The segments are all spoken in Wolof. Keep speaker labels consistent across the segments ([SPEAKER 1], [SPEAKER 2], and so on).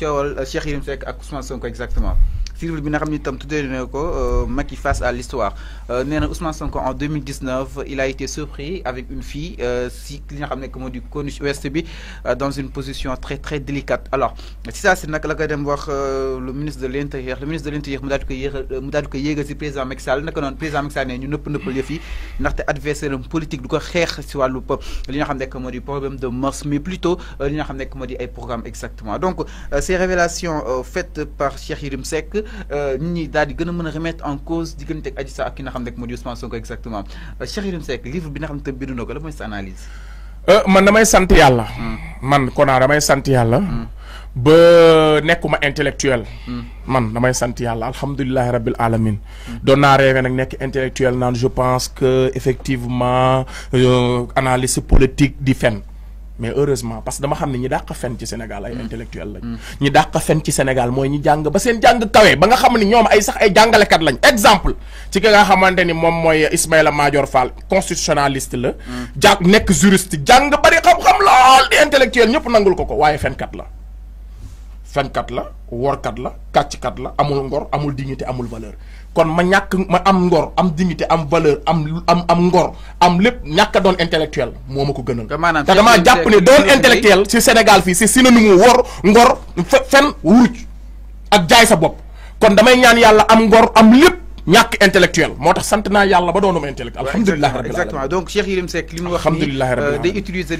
[SPEAKER 1] coowal Cheikh Yérim Seck ak Ousmane Sonko exactement livre bi nga xam ne itam tuddee euh, Macky face à l'histoire euh, Néanmoins, Ousmane Sonko en 2019 il a été surpris avec une fille euh, si li nga xam ne moo di dans une position très très délicate alors si ça, c'est nag la koy dem wax le ministre de l'intérieur le ministre de l'intérieur mu daal di ko yéegal si président Macky Sall naka président Macky Sall ne ñu nëpp nëppal yëf yi adversaire politique du ko xeex si wàllu li nga problème de mars, mais plutôt li nga xam ne programme exactement donc ces révélations faites par Cheikh Yérim Seck euh, nit ñi daal di gën a remettre en cause diggante ak Adji Sarr ak ki nga xam ne moo Ousmane Sonko exactement euh, Cheikh Yérim Seck livre bi nga xam ne bindu na ko la mooy sa analyse.
[SPEAKER 2] Euh, man damay sant yàlla. Hmm. man Kona damay sant yàlla. Hmm. ba nekkuma intellectuel hmm. man damay sant yàlla alhamdulilahi rabbil alamin doon naa rêvé nag nekk intellectuel naan je pense que effectivement analyste politique di fen mais heureusement parce que dama xam ne ñi dàq fen ci Sénégal ay mm. intellectuel lañ mm. ñi dàq fen ci Sénégal mooy ñi jàng ba seen jàng kawe ba nga xam ne ñoom ay sax ay jàngalekat lañ exemple ci ki nga xamante ni moom mooy Ismaïla Madior Fall constitutionnaliste la mm. jàng nekk juriste jàng bari xam-xam lool di intellectuel ñëpp nangul ko ko waaye fenkat la fenkat la workat la kàcckat la amul ngor amul dignité amul valeur kon ma ñàkk ma am ngor am dignité am valeur am am am ngor am lépp ñàkk a doon intellectuel moo ma ko gënal. te maanaam te damaa jàpp ne doon intellectuel ci Sénégal fii c'est synonyme wor ngor fe fen wuruj ak jaay sa bopp kon damay ñaan yàlla am ngor am lépp. ñàkk intellectuel moo tax sant naa yàlla ba doonuma intellectuel alhamdulilah rabbil alamin exactement
[SPEAKER 1] donc Cheikh Yérim Seck li mu wax nii euh, day utiliser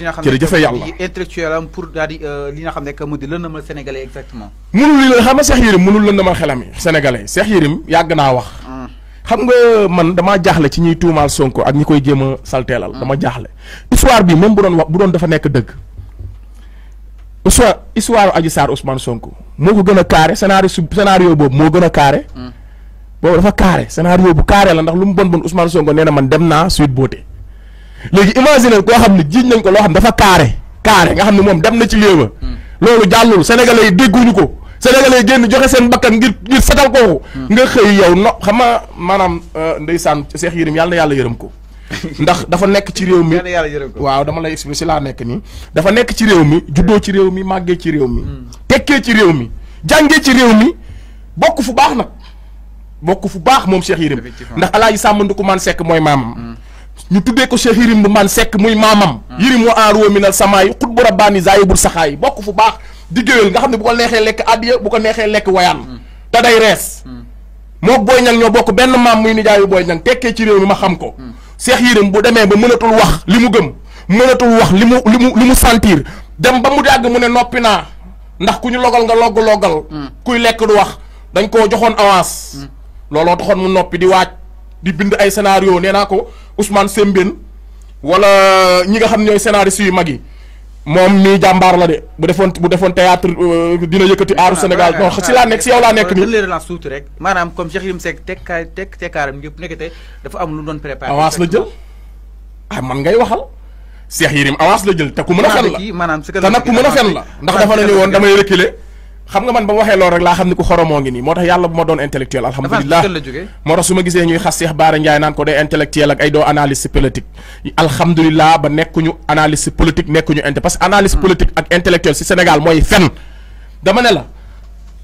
[SPEAKER 1] intellectuel am pour daal di euh, li nga xam ne que mu di lëndamal sénégalais exactement
[SPEAKER 2] mënul li xam nga Cheikh Yérim mënul lëndamal xelam yi sénégalais Cheikh Yérim yàgg naa wax hmm. xam nga man damaa jaaxle ci ñuy tuumaal Sonko ak ñi koy jéem a salteelal hmm. dama jaaxle histoire bi moom bu doon wax bu doon dafa nekk dëgg histoire histoire Adji Sarr Ousmane Sonko moo ko gën a carré scénario scénario boobu moo gën a carré hmm. boobu dafa carré scénario bu carré la ndax lu mu bon bon Ousmane Sonko nee na man dem naa Sweet Beauté léegi imaginer koo xam ne jiiñ nañ ko loo xam dafa carré carré nga xam ne moom dem na ci lieu hmm. loolu jàllul sénégalais yi dégguñu ko sénégalais yi génn joxe seen bakkan ngir ngir setal kooku hmm. nga xëy yow no xam nga maanaam euh, ndeysaan Cheikh Yérim yàlla na yàlla yërëm ko ndax dafa nekk ci réew mi waaw dama lay expliquer si laa nekk nii dafa nekk ci réew mi juddoo ci réew mi màggee ci réew mi hmm. tekkee ci réew mi jàngee ci réew mi bokk fu baax nag bokk fu baax moom Cheikh Yérim ndax alaaji Sàmb Ndukumaan Sekk mooy maamam ñu tuddee ko Cheikh Yérim Ndukumaan Sekk muy maamam mm. Yérim wa aar woo minal samaay xut bu rabbaani zaayibul saxaay bokk fu baax di géwél nga xam ne bu ko neexee lekk addiya bu ko neexee lekk wayaan mm. te day rees mm. moo booy ñang ñoo bokk benn maam muy nijaayu booy ñang tekkee ci réew mi ma xam ko Cheikh Yérim bu demee ba mënatul wax li mu gëm mënatul wax li mu li mu li mu sentir dem ba mu yàgg mu ne noppi naa ndax ku ñu logal nga logg kuy lekk du wax dañ koo joxoon avance looloo taxoon mu noppi di waaj di bind ay scénario nee naa ko Ousmane Sembène wala ñi nga xam ñooy scénariste yu mag yi moom mii jàmbaar la de bu defoon bu defoon théâtre dina yëkkati aaru Sénégal non si laa nekk si yow laa nekk nii.
[SPEAKER 1] la suuti rek maanaam comme Cheikh Yérim Seck teg teg tekkaaram yëpp nekkate dafa am lu doon préparé. avance la
[SPEAKER 2] jël ah man ngay waxal Cheikh Yérim avance la jël te ku mën a fen la
[SPEAKER 1] te nag ku mën a fen la ndax dafa nañu woon damay
[SPEAKER 2] reculer. xam nga man ba ma waxee loolu rek laa xam ni ku xoromoo ngi nii moo tax yàlla bu ma doon intellectuel alhamdulilah moo tax su ma gisee ñuy xas Cheikh Bara Ndiaye naan ko day intellectuel ak ay doo analyste politique alhamdulilah ba nekkuñu analyste politique nekkuñu inte parce que analyste hmm. politique ak intellectuel si Sénégal mooy fen dama ne la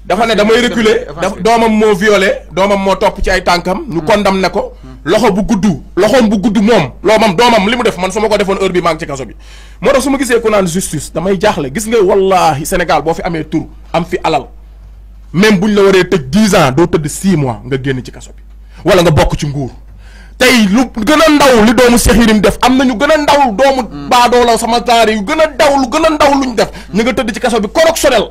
[SPEAKER 2] dafa ne damay reculer doomam moo violé doomam moo topp ci ay tànkam ñu hmm. ne ko hmm. loxo bu gudd loxoom bu gudd moom loo mam doomam li mu def man su ma ko defoon heure bi maa ngi ci kaso bi moo tax su ma gisee ko naan justice damay jaaxle gis nga wallaahi Sénégal boo fi amee tur am fi alal même ñu la waree tëj dix ans doo tëdd six mois nga génn ci kaso bi wala nga bokk ci nguur tey lu gën a ndaw li doomu yi Yérim def am na ñu gën a ndaw doomu mm. baadoola sama taari yu gën a ndaw lu gën ndaw ndaw ñu def ñu nga tëdd ci kaso bi correctionnel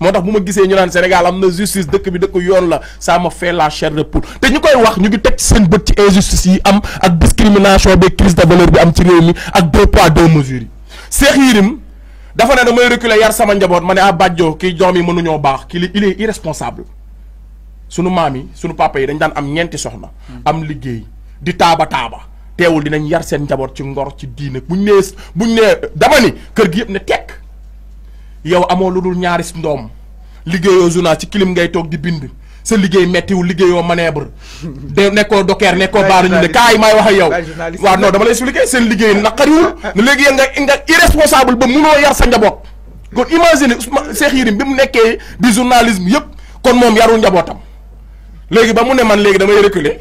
[SPEAKER 2] moo buma bu ñu Sénégal amna justice dëkk bi dëkk yoon la ça m'a fait la chair de poule té ñukoy wax ñu ngi teg seen ci injustice yi am ak discrimination bi crise de valeur bi am ci réew mi ak deux poids deux mesures Cheikh yirim dafa reculer yar sama ah il est irresponsable sunu mami suñu papa yi dañ un am ñenti soxna hmm. am liggéey di taba taba teewul dinañ yar seen njaboot ci ngor ci diine buñ buñ né dama ni kër gi ne yow amoo lu dul ñaari ndoom liggéeyoo journal ci kilim ngay toog di bind sa liggéey méttiwul liggéeyoo manœuvre de nekkoo docker nekkoo baaru ñu ne kaay maay wax ak yow waaw non dama lay expliquer seen liggéey naqariwul ne léegi yéen nga nga irresponsable ba munoo yar sa njaboot kon imagine Ousmane Cheikh Yérim bi mu nekkee di journalisme yëpp kon moom yarul njabootam léegi ba mu ne man léegi damay reculer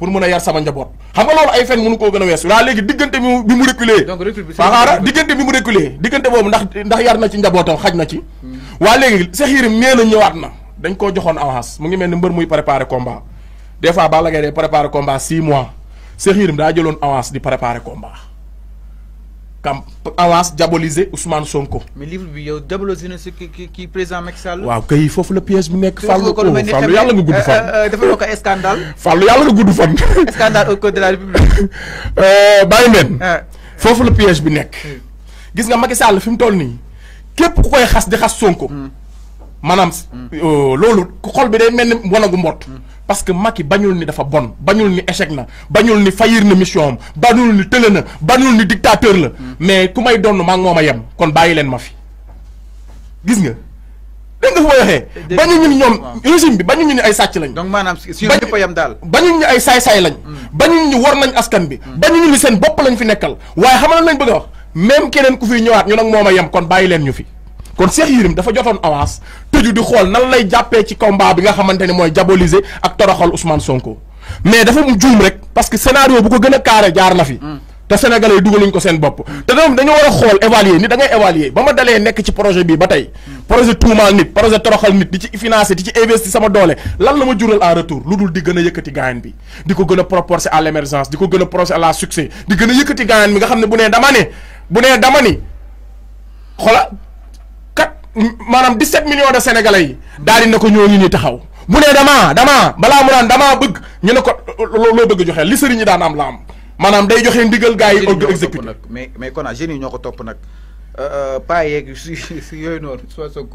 [SPEAKER 2] pour mën a yar sama njaboot xam nga loolu ay fen mënu koo gën a weesu laa léegi diggante bi mu reculé waaxaara diggante bi mu reculé diggante boobu ndax ndax yar na ci njabootam xaj na ci waa léegi Cheikh Yérim na ñëwaat na dañ koo joxoon avance mu ngi mel ni mbër muy préparé combat des fois Balla Gaye day préparé combat six mois Cheikh Yérim daa jëloon avance di préparé combat en avance diaboliser Ousmane Sonko. mais livre bi yow diaboliser na ki ki présent Macky Sall. il kay le le pièce bi le piège. Il faut nga euh, euh, scandale. scandale au code de la République. il faut le piège bi piège hmm. gis nga Macky Sall le Il koy khas Sonko. Il hmm. hmm. euh, xol bi day parce que mag yi bañul ni dafa bon bañul ni échec na bañul ni faillir na mission am bañul ni tële na bañul ni dictateur la. Hmm. mais ku may donn maa ngi a ma yem kon bàyyi leen ma fi gis nga. dégg nga fu may waxee. bañuñu ni ñoom régime bi bañuñu ni ay sàcc lañ. donc maanaam si ñëpp a yem daal. bañuñu ni ay lañ. Hmm. bañuñu ni war nañ askan bi. Hmm. bañuñu ni seen bopp lañ fi nekkal waaye xamal nañ bëgg a wax même keneen ku fiy ñëwaat ñu nag moom a yem kon bàyyi leen ñu fi. kon Cheikh yirim dafa jotone avance tëju di xol nan lay jappé ci combat bi nga xamanteni moy mooy diaboliser ak toroxal Ousmane Sonko mais dafa mu juum rek parce que scénario bu ko gëna carré jaar na fi. Hmm. te sénégalais yi ñu ko seen bop te doom dañu wara xol évaluer ni da ngay évaluer bama dalé nek ci projet bi batay tey. Hmm. projet tuumaal nit projet toroxal nit di ci financer di ci investir sama doole lan la ma jural en retour lu di gëna yëkëti yëkkati bi di ko gën a à l'émergence émergence di ko gën a à la succès di gëna yëkëti yëkkati gaayan bi nga xamné bu né dama né bu né dama ni xola maanaam 17 millions de sénégalais yi daal di na ko ñooñu ñuy taxaw bu ne damaa damaa balaa mu naan damaa bëgg ñu ne ko loo bëgg joxe li sëriñ ñi daan am la am maanaam day joxe ndigal gars yi. exécuté nag
[SPEAKER 1] mais mais kon jeunes yi ñoo ko topp nag. Euh, euh, paa yooyu noonu soo soog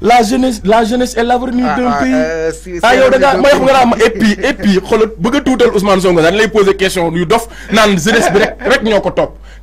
[SPEAKER 2] la jeunesse la jeunesse est l'avenir ah, d'un ah, pays. Euh, ah yow da ngaa ma yàqu nga naa ma et puis et puis xoolal bëgg a tuutal Ousmane Sonko dañ lay poser question yu dof naan jeunesse bi rek ñoo ko topp.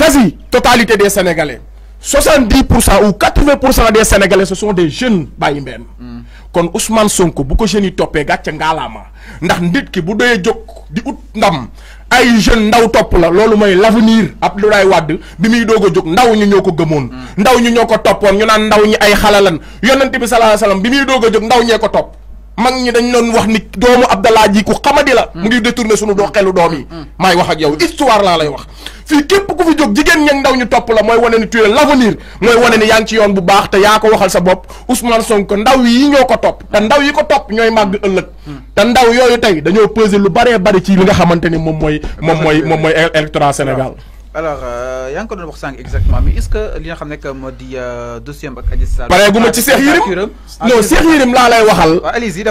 [SPEAKER 2] quasi totalité des Sénégalais soixante-dix pour cent ou quatre-vingts pour cent des Sénégalais ce sont des jeunes bàyyi mbeen kon Ousmane Sonko bu ko jeunes yi toppee gàcce ngaalaama ndax nit ki bu doyee jóg di ut ndam ay jeunes ndaw topp la loolu mooy l'avenir Abdoulaye Wade bi muy doog a jóg ndaw ñu ñoo ko gëmoon mm. ndaw ñi ñoo ko toppoon ñu naan ndaw ñi ay xalalan yonent bi sallallahu alayhi wasallam bi muy doog a jóg ndaw ñee ko topp mag ñi dañu doon wax ni doomu Abdallah ji ku xamadi la. Mm. mu ngi détourné sunu doo xelu doom yi. Mm. maay wax ak yow histoire laa lay wax. fii képp ku fi jóg jigéen ña ndaw ñu topp la mooy wane ni tu es l'avenir mooy wane ni yaa ngi ci yoon bu baax te yaa ko waxal sa bopp Ousmane sonk ndaw yi ñoo ko topp te ndaw yi ko topp ñooy màgg ëllëg. Mm. te ndaw yooyu tey dañoo peser lu baree bari ci li nga xamante ni moom mooy moom mooy moom mooy électorat Sénégal.
[SPEAKER 1] alors il y a encore exactement mais est-ce que li nga xamné que modi euh, dossier am ak Adji dit pare je ci Cheikh yirim non Cheikh yirim la lay waxal.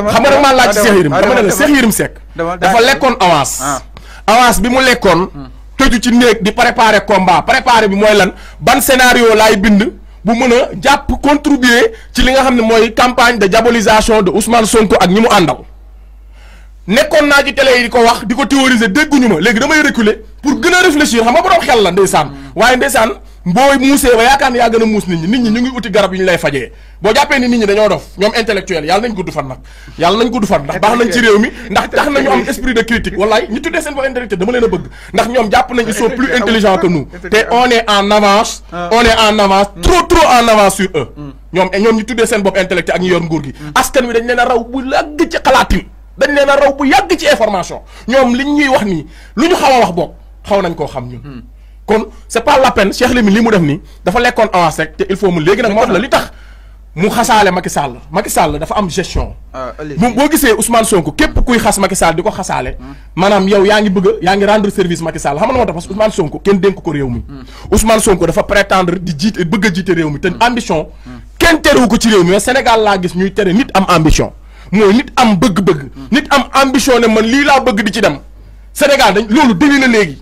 [SPEAKER 1] xam nga ah, la ci Cheikh yirim dama ne Cheikh dafa avance. Ah.
[SPEAKER 2] avance bi hmm. ci di préparer combat préparer bi lan ban scénario lay bind. bu meuna japp contribuer ci li nga campagne de diabolisation de Ousmane Sonko ak ñimu andal na ci télé yi wax théoriser pour gën a réfléchir xam nga borom xel la ndeysaan waaye ndeysaan mbooy muusee yaakaar ne yaa gën a muus nit ñi nit ñi ñu ngi uti garab yu ñu lay fajee boo jàppee ni nit ñi dañoo dof ñoom intellectuel yàlla nañ gudd fan nag yàlla nañ gudd fan ndax baax nañ ci réew mi ndax tax nañu am esprit de critique wallaay ñi tuddee seen bopp intellectuel dama leen a bëgg ndax ñoom jàpp nañ ils sont plus intelligents que nous te on est en avance ah. on hmm. hmm. ñoom ñoom ñu tuddee seen bopp intellectuel ak ñu yor nguur gi hmm. askan wi dañ leen raw bu làgg ci xalaatin dañ leen a raw bu ñuy wax nii lu ñu xaw a wax bopp xaw nañ koo xam ñun. Hmm. kon c'est pas la peine Cheikh limi limu def ni dafa lekkoon avance rek te il faut mu légui nak moo wax la li tax mu xasaale Macky Sall Macky Sall dafa am gestion. Ah, moom boo gisee Ousmane Sonko képp kuy xass Macky Sall di ko xasaale. Hmm. yow yaa ngi bëgg a yaa ngi rendre service Macky Sall xam nga moo parce que Ousmane Sonko kenn dénk ko réew mi. Hmm. Ousmane Sonko dafa prétendre di jiite bëgg a jiite réew mi te ambition. kenn terewu ko ci réew mi mais Sénégal la gis ñuy téré nit am ambition. moy nit am bëgg-bëgg. nit am ambition ne man li la bëgg di ci dem Sénégal dañ lolu deli na légui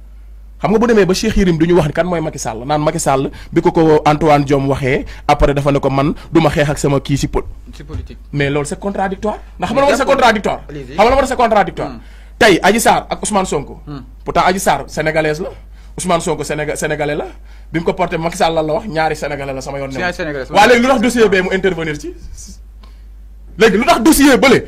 [SPEAKER 2] xam nga bu demee ba Cheikh Yérim du ñu wax kan mooy Macky Sall naan Macky Sall bi ko ko Antoine Diome waxee après dafa ne ko man du ma xeex ak sama kii si po. si mais loolu c'est contradictoire ndax xam nga war c'est contradictoire
[SPEAKER 1] xam nga war c'est
[SPEAKER 2] contradictoire tey Adji Sarr ak Ousmane Sonko. Hmm. pourtant Adji Sarr sénégalaise la Ousmane Sonko Sénégal la bi mu ko porté Macky Sall la wax ñaari sénégalais la sama yoon. ñaari sénégalais waaw léegi lu tax dossier bee mu intervenir ci léegi lu tax dossier bële.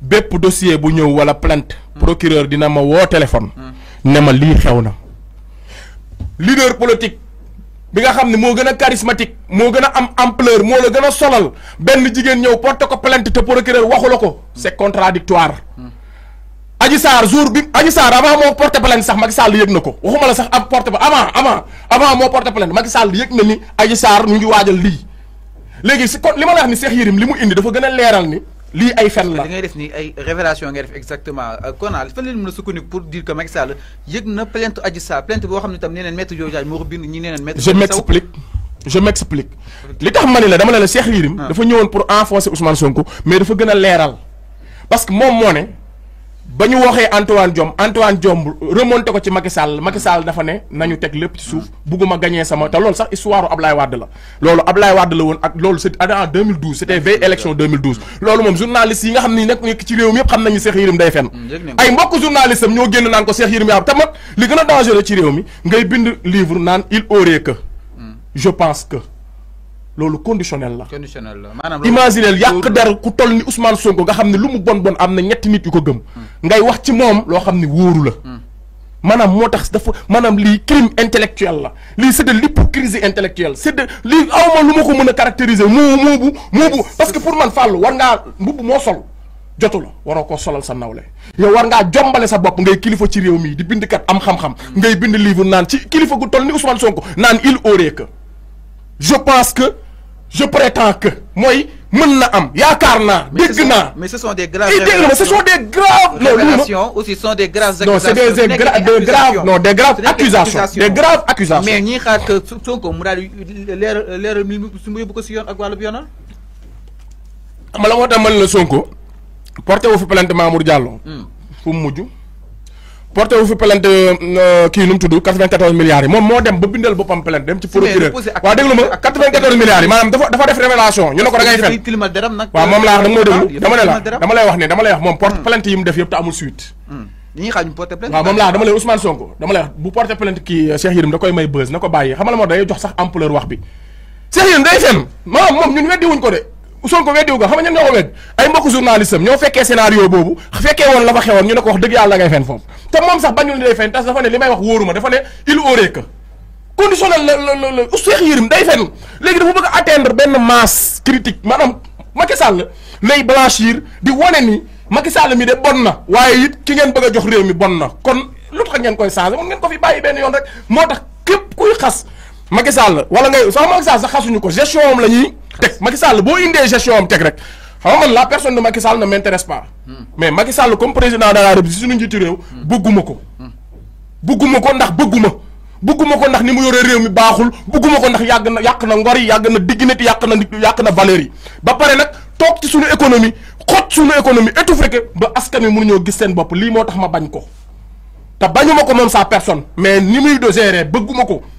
[SPEAKER 2] bépp dossier bu ñëw wala plant procureur dina ma woo téléphone ne ma lii xew na leader politique bi nga xam ne moo gën a charismatique moo gën a am ampleur moo la gën a solal benn jigéen ñëw porte ko plainte te procureur waxu la ko c'est contradictoire Adji Sarr jour bi Adji Sarr avant moo porte plainte sax Macky Sall yëg na ko waxuma la sax ab porte avant avant avant moo porte plainte Macky Sall yëg na ni Adji Sarr ñu ngi waajal lii léegi si kon li ma la wax ni Cheikh li mu indi dafa gën a leeral ni lii ay fen la li
[SPEAKER 1] ngay def nii ay révélation ngay def exactement euh, konal fan la ñu pour dire que Macky Sall yëg na plainte Adji Sarr plainte bo xamni tam nee neen maître Diouf Diagne moo ko bind ñi nee maître je m'explique
[SPEAKER 2] je m'explique
[SPEAKER 1] li tax mané la dama ne la Cheikh Yérim ah. dafa
[SPEAKER 2] ñëwoon pour enfoncer Ousmane Sonko mais dafa gën a leeral parce que mom mo né bañu waxé Antoine diom Antoine diom remonté ko ci Macky Sall Macky Sall dafa né nañu tek lepp ci souf buguma gagné sama té lool sax histoire Ablaye wad la. loolu Ablaye wad la won ak loolu c'est ah, en 2012 c'était veille élection 2012. loolu mom journaliste yi nga xamni ne nekk ci réew mi yëpp xam Cheikh yirim day fen mm, ay mbokk journaliste am ñoo génn naan ko Cheikh yirim yaa te le li gëna de dangereux ci réew mi ngay bind livre nan il aurait que. Mm. je pense que loolu conditionnel la.
[SPEAKER 1] conditionnel la manam imaginer
[SPEAKER 2] yak dara ku toll ni Ousmane Sonko nga xamni ne lu mu bon bon amna ñet nit yu ko gëm. Hmm. ngay wax ci mom lo xamni woru la. Hmm. manam motax tax dafa maanaam lii crime intellectuel la li c'est de l'hypocrisie intellectuelle c'est de li awma luma ko mën caractériser moo moo bu moo bu parce que pour man fall war nga mbubb mo sol jotul la waroo solal sa nawle yow war nga jombalé sa bop ngay kilifa ci réew mi di bind kat am xam-xam hmm. ngay bind livre naan ci kilifa gu toll ni Ousmane Sonko naan il aurait que je pense que je prétends que mooy mën na am yaakaar naa
[SPEAKER 1] mais ce sont des graves révélations ce sont des graves. non révélations aussi sont des graves. accusations non c'est des des graves non des graves accusations des graves accusations. mais ni xaar que Sonko mu daal leer leer mi su ma yóbbu ko si yoon ak wàllu yoonal.
[SPEAKER 2] ma la moo tax Sonko porté wu fi plainte Mamour Diallo. Hmm. fu mu mujj. porté wu fi plainte euh, kii nu mu tudd milliards moom moo dem ba bindal boppam plainte dem ci procureur waaw déglu ma 94 ah, hmm.
[SPEAKER 1] hmm. moom laa wax dama lay dama
[SPEAKER 2] lay wax ne dama lay wax moom porte plainte kii euh, Cheikh Yérim da koy may buzz na ko bàyyi xamala moo day jox sax ampleur wax bi Cheikh Yérim day fen maanaam moom ñun weddi wuñ ko de Sonko weddiwu ko xam nga ñun ñoo ko wedd ay mbokk journaliste am ñoo fekkee scénario boobu fekkee woon la fa xewoon ñu ne ko wax dëgg yàlla ngay fen foofu te moom sax bañul ne day fen tas dafa ne li may wax wóoruma dafa ne il aurait que conditionnel la la la Cheikh day fen léegi dafa bëgg atteindre benn masse critique maanaam Macky Sall lay blanchir di wane ni Macky Sall mi de bon na waaye it ki ngeen bëgg a jox réew mi bon na kon lu tax ngeen koy changé mun ngeen ko fi bàyyi benn rek moo tax képp kuy xas Macky wala ngay sax Macky Sall sax ko gestion am la ñuy Macky Sall bo indé gestion am tek rek xam la personne de Macky Sall ne m'intéresse pas. Hmm. mais Macky Sall comme président de la République si suñu hmm. bëgguma hmm. ndax bëgguma bëgguma ndax ni mu yore rew mi baxul bëgguma ko ndax yag na yak na ngor yag na dignité yak na yak na valeur yi ba paré nak tok ci suñu économie xot suñu économie étouffé ko ba askan beaucoup gis seen beaucoup ma bañ ko ta bañuma ko sa personne mais ni muy de gérer bëgguma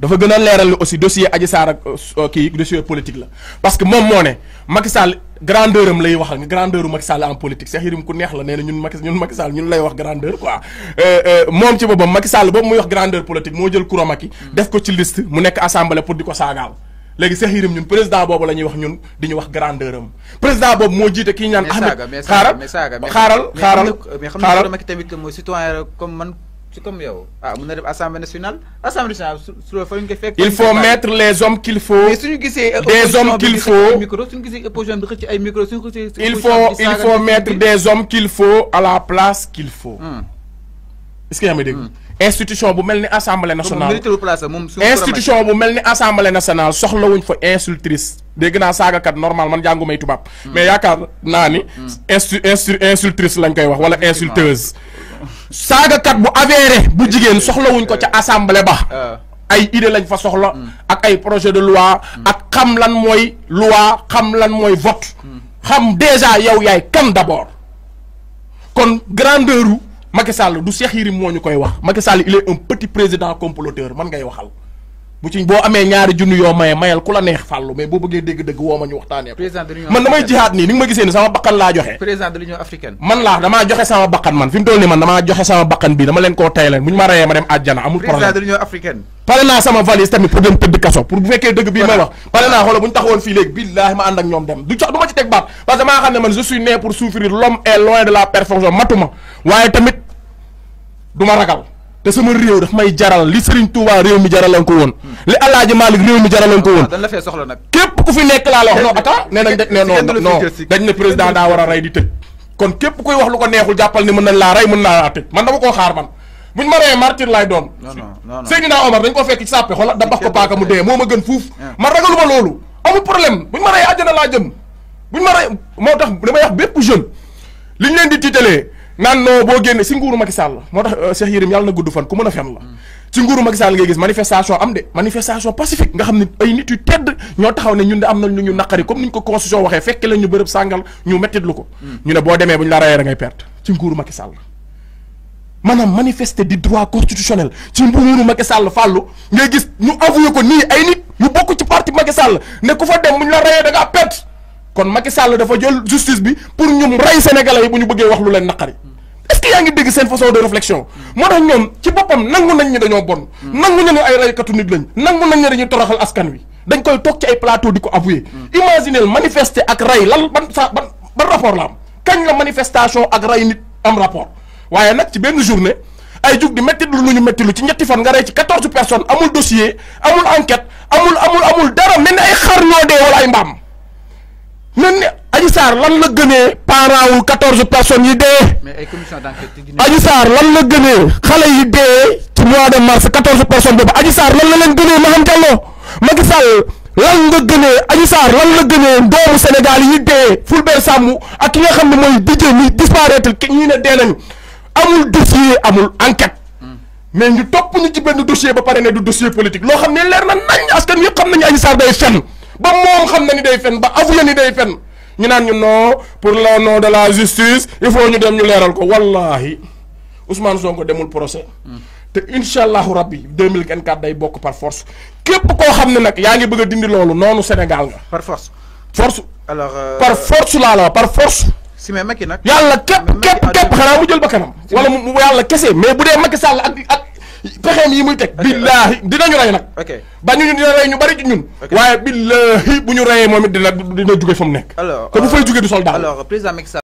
[SPEAKER 2] dafa gëna léral leeral aussi dossier Adji Sarr ak euh, euh, kii dossier politique la parce que mom moo ne Macky Sall grandeurum lay waxal nga grandeuru Macky Sall en politique Cheikh Yérim ku neex la néna ñun Macky ñun Macky Sall ñun lay wax grandeur quoi euh euh mom ci boppam Macky Sall bobu muy wax grandeur politique mo jël Koura Macky hmm. def ko ci liste mu nekk assemblée pour diko ko saagaaw Cheikh Yérim ñun président bobu lañuy wax ñun diñu wax grandeurum président bobu mo jité ki ñaan Ahmed xaaral xaaral xaaral xaaral mais xam Macky
[SPEAKER 1] tamit moy citoyen comme man comme ah nationale assemblée il faut mettre les
[SPEAKER 2] hommes qu'il faut. des hommes qu'il faut
[SPEAKER 1] il faut il faut mettre des
[SPEAKER 2] hommes qu'il faut à la place qu'il faut. Hmm. est-ce y a ngi dégg. Hmm. institutions bu mel ni assemblée nationale institutions bu mel ni assemblée nationale soxlawuñ fa insultrice dégg naa saagakat normal man jàngu may tubaab. Hmm. mais yaakaar naa ni. instru instru insultrice lañ koy wax wala insulteuse. saagakat bu avéré bu jigéen soxlawuñ ko ca eh. assemblée ba. Eh. ay idée lañ fa soxla. Hmm. ak ay projet de loi. Hmm. ak xam lan mooy loi xam lan mooy vote. Hmm. xam déjà yow yaay kan d'abord. kon grandeur u Macky Sall du seex Yérim moo ñu koy wax Macky Sall il est un petit président comploteur man ngay waxal. bu ci boo amee ñaari junni yoo maye mayal ku la neex fàllu mais boo bëggee dégg-dëgg woo ma ñu waxtaanee ko man damay jihaat nii ni ma gisee ni sama bakkan laa joxe man laa damaa joxe sama bakkan man fi toll nii man damaa joxe sama bakkan bii dama leen koo tey leen bu ñu ma reyee ma dem àjjana amul pare naa sama valise tamit pour dem tëdd kaso pour bu fekkee dëgg bii may wax pare naa xoola bu ñu taxawoon fii léegi billaahi ma ànd ak ñoom dem du sax te sama réew daf may jaral li Serigne Touba réew mi jaraloon ko woon li El Hadj Malick réew mi jaraloon ko woon
[SPEAKER 1] ah,
[SPEAKER 2] képp ku fi nekk laa la wax non attends nee nañ ne non ne président daa war a rey di tëj kon képp kuy wax lu ko neexul jàppal ni mën na laa rey mën naa laa man dama koo xaar man buñ ma reyee martyr laay doon Seydina Omar dañ ko fekk ci sàppe xoola da bax ko paaka mu dee moo ma gën fuuf ah. man ragaluma loolu amul problème buñ ma reyee àjjana laa jëm ma moo tax damay wax bépp jeune liñ leen di tiitalee naan non boo génne si nguuru Macky Sall moo tax euh, Cheikh Yérim yàlla na gudd fan ku mën a fen la ci nguuru Macky Sall ngay gis manifestation am de manifestation pacifique nga xam ne ay nit taxaw ne ñun am na lu ñu naqari comme ni ñu ko constitution waxee fekk la ñu bërëb sàngal ñu mettitlu ko ñu ne boo demee bu ñu la rayee da ngay perte Sall maanaam manifester di gis ñu avoué ko nii ay nit yu bokk ci parti Macky Sall ne ku fa dem bu ñu la rayee da ngaa perte kon Macky Sall dafa jël justice bi pour ñum rey sénégalais yi bu ñu bëggee wax lu leen naqari est-ce que yaa ngi dégg seen façon de réflexion moo tax ñoom ci boppam nangu nañ ñu dañoo bon nangu nañu ay raykatu nit lañ nangu nañ ne dañuy toroxal askan wi dañ koy toog ci ay plateau di ko avouer imaginez manifester ak ray lan ban sa ban ban rapport la am kañ la manifestation ak ray nit am rapport waaye nag ci benn journée ay jug di métti lu ñu métti lu ci ñetti fan nga rey ci quatorze personnes amul dossier amul enquête amul amul amul dara mel ni ay xar ñoo ay mbaam mel Adji Sarr lan la par parents ou 14 personnes yi dé lan le gueule y dé ci mois de mars 14 personnes de personnes, lan la leen Maham Macky lan nga lan la Sénégal yi dé Fulbert Samou ak nga xam a ni disparaître qui ne amul dossier amul enquête hmm. mais nous topp nous ci dossier ba dossier politique ne nañ askan day ba day non pour le nom de la justice il faut que nous ñu leeral ko wallahi Ousmane Sonko demul procès hmm. te inshallah, rabbi 2024 day bokk par force à que vous bëgg dindi Sénégal par force. force
[SPEAKER 1] alors euh, par force
[SPEAKER 2] là, là, par force. si même Macky qui n'a képp képp mu jël wala que mais dit vous avez ak pexeem yi muy teg billahi dinañu ray nak ba ñu dina ray ñu bari ci ñun waye billahi bu ñu reyee moom it dina dina jóge fa mu nekk
[SPEAKER 1] bu euh, fay
[SPEAKER 2] jóge du soldat alors
[SPEAKER 1] président Macky